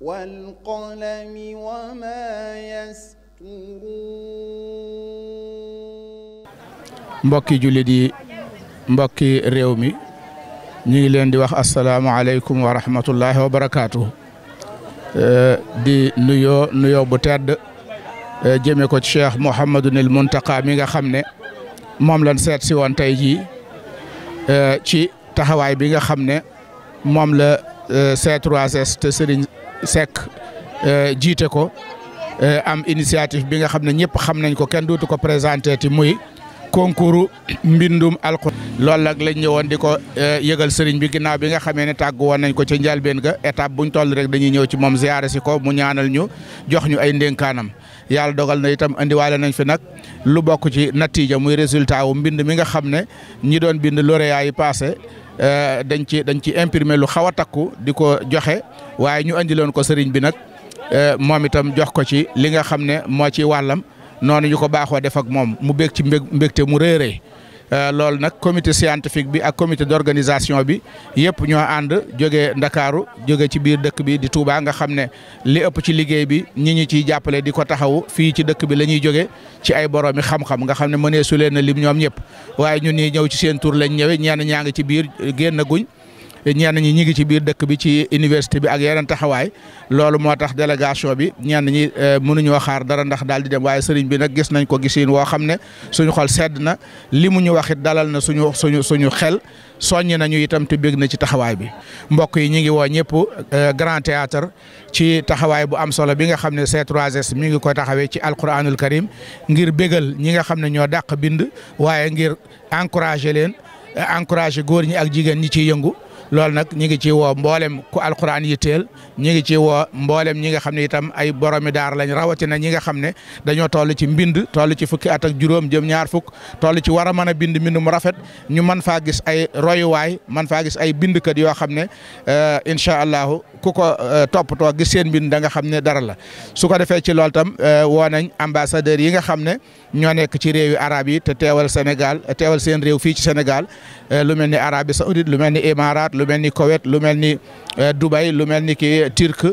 والقلم وما يسطرون mbokki jullit yi mbokki réew mi ñu ngi leen di wax asalaamualeykum wa rahmatullahi wa barakaatu di nuyoo nuyoo bu tedd jëme ko ci cheikh Mouhamadunil Muntaqa mi nga xam ne moom lañ seet si woon tey jii ci taxawaay bi nga xam ne moom la C3S te Serigne Seck euh, jiite ko euh, am initiative bi nga xam ne ñëpp xam nañ ko kenn dootu ko présenté ti muy concours mbindum alxuraan loolu nag lañ ñëwoon di ko euh, yëgal sëriñ bi ginnaaw bi nga xamee ne tàggu woon nañ ko ca njëlbeen ga étape buñ toll rek dañuy ñëw ci moom ziyaare ko mu ñaanal ñu jox ñu ay ndénkaanam yàlla dogal na itam indiwaale nañ fi nag lu bokku ci natiija muy résultat wu mbind mi nga xam ne ñi doon bind lauréat yi passé euh, dañ ci dañ ci imprimer lu xaw a takku di ko joxe waaye ñu andiloon ko sëriñ bi nag euh, moom itam jox ko ci li nga xam ne moo ci wàllam noonu ñu ko baaxoo def ak moom mu bég ci mbégte mu réeree Euh, loolu nag comité scientifique bi ak comité d'organisation bi yëpp ñoo ànd jógee Ndakaaru jóge ci biir dëkk bi di Touba nga xam ne li ëpp ci liggéey bi ñi ñu ciy jàppale di ko taxawu fii ci dëkk bi la ñuy jóge ci ay boroomi xam-xam nga xam ne mënee su leen a lim ñoom ñëpp waaye ñun ñi ñëw ci seen tur lañ ñëwee ñenn ñaa ngi ci biir génn guñ ñenn ñi ñi ngi ci biir dëkk bi ci université bi ak yeneen taxawaay loolu moo tax délégation bi ñenn ñi euh, mënuñoo xaar dara ndax daal di dem waaye sëriñ bi nag gis nañ ko gisiin woo xam ne suñu xol sedd na li mu ñu wax it dalal na suñu suñu suñu xel soññ nañu itam te bég na ci taxawaay bi. mbokk yi ñi ngi woo ñëpp euh, grand théâtre ci taxawaay bu am solo bi nga xam ne c 3 mi ngi ko taxawee ci alquranul karim ngir bégal ñi nga xam ne ñoo dàq bind waaye ngir encourager leen euh, encourager góor ñi ak jigéen ñi ciy yëngu. loolu nag ñu ngi ci woo mboolem ku alquran yitteel ñu ngi ci woo mboleem ñi nga xam ne itam ay boromi daar lañ rawatina ñi nga xam ne dañoo toll ci mbind toll ci fukki at ak juróom jëm ñaar fukk toll ci war a mën a bind mbind mu rafet ñu mën faa gis ay royuwaay man faa gis ay bindkat yoo xam ne euh, incha allahu ku ko euh, toppatoo gis seen mbind da nga xam ne dara la su ko defee ci loolu tam euh, woo nañ ambassadeurs yi nga xam ne ñoo nekk ci réewi arab yi te teewal Sénégal teewal seen réew fii ci Sénégal lu mel ni Arabie Saoudite lu mel ni Émirats lu mel ni Koweït lu mel ni euh, Dubai lu mel ni ki Turc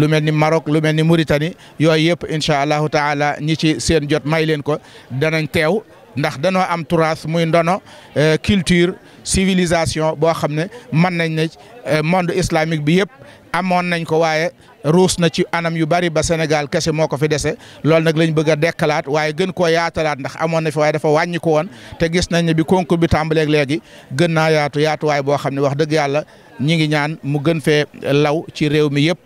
lu mel ni Maroc lu mel ni Mauritanie yooyu yëpp incha allahu taala ñi ci seen jot may leen ko danañ teew. ndax danoo am turaas muy ndono euh, culture civilisation boo xam ne mën nañ ne euh, monde islamique bi yëpp amoon nañ ko waaye ruus na ci anam yu bari ba Sénégal kese moo ko fi dese loolu nag lañ bëgg a dekkalaat waaye gën koo yaatalaat ndax amoon na fi waaye dafa wàññi ko woon te gis nañ ne bi concours bi tàmbaleeg léegi gën naa yaatu yaatuwaay boo xam ne wax dëgg yàlla ñi ngi ñaan mu gën fee law ci réew mi yëpp.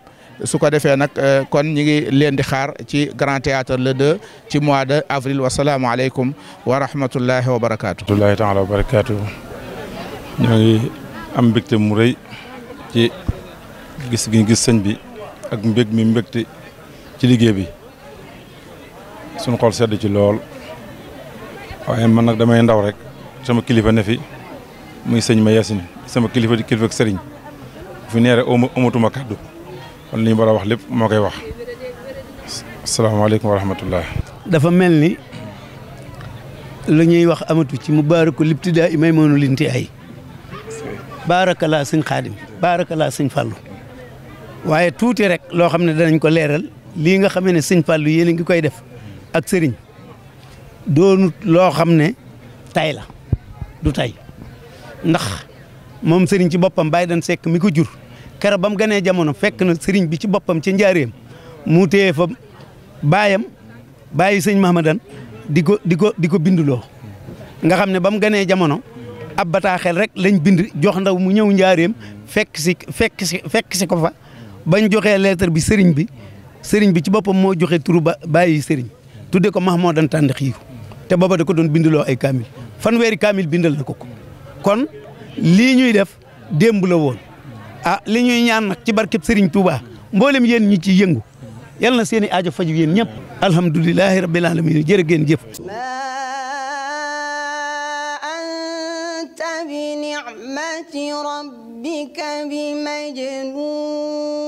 su ko defee nag euh, kon ñi ngi leen di xaar ci Grand Théâtre le 2 ci mois de avril wasalaamaaleykum wa rahmatullahi wa barakaatu. rahmatullahi taala wa barakaatu ñoo am mbégte mu rëy ci gis gi gis sëñ bi ak mbég mi mbégte ci liggéey bi suñu xool sedd ci lool waaye man nag damay ndaw rek sama kilifa ne fi muy sëñ ma Yacine sama kilifa kilifa ak sëriñ fi neere amatuma kàddu kon li ñu wax lépp moo koy wax asalaamaaleykum wa rahmatullah dafa mel ni lu ñuy wax amatu ci mu baaraku libtidaa i may moonu linti ay baarakalaa sëñ xaadim baarakalaa sëñ fàllu waaye tuuti rek loo xam ne danañ ko leeral lii nga xame ne sëñ fàllu yéen a ngi koy def ak sëriñ doonut loo xam ne tay la du tay ndax moom sëriñ ci boppam bàyyi dan sekk mi ko jur keroog ba mu ganee jamono fekk na sëriñ bi ci boppam ci njaareem mu téye fa baayam bàyyi sëñ Mahamadan di ko di ko di ko binduloo nga xam ne ba mu ganee jamono ab bataaxel rek lañ bind jox ndaw mu ñëw njaareem fekk si fekk si fekk si ko fa bañ joxee lettre bi sëriñ bi sëriñ bi ci boppam moo joxe turu ba bàyyi sëriñ tudde ko Mahamadan Tàndaxiyu te booba da ko doon binduloo ay kaamil fanweeri kaamil bindal na ko ko kon lii ñuy def démb la woon ah li ñuy ñaan nag ci barkeb Serigne Touba mboolem yéen ñi ci yëngu yal na seen ajo aajo faju yéen ñëpp alhamdulilahi rabbil alamin jërë ngeen jëf anta bi ni'mati rabbika bi majnun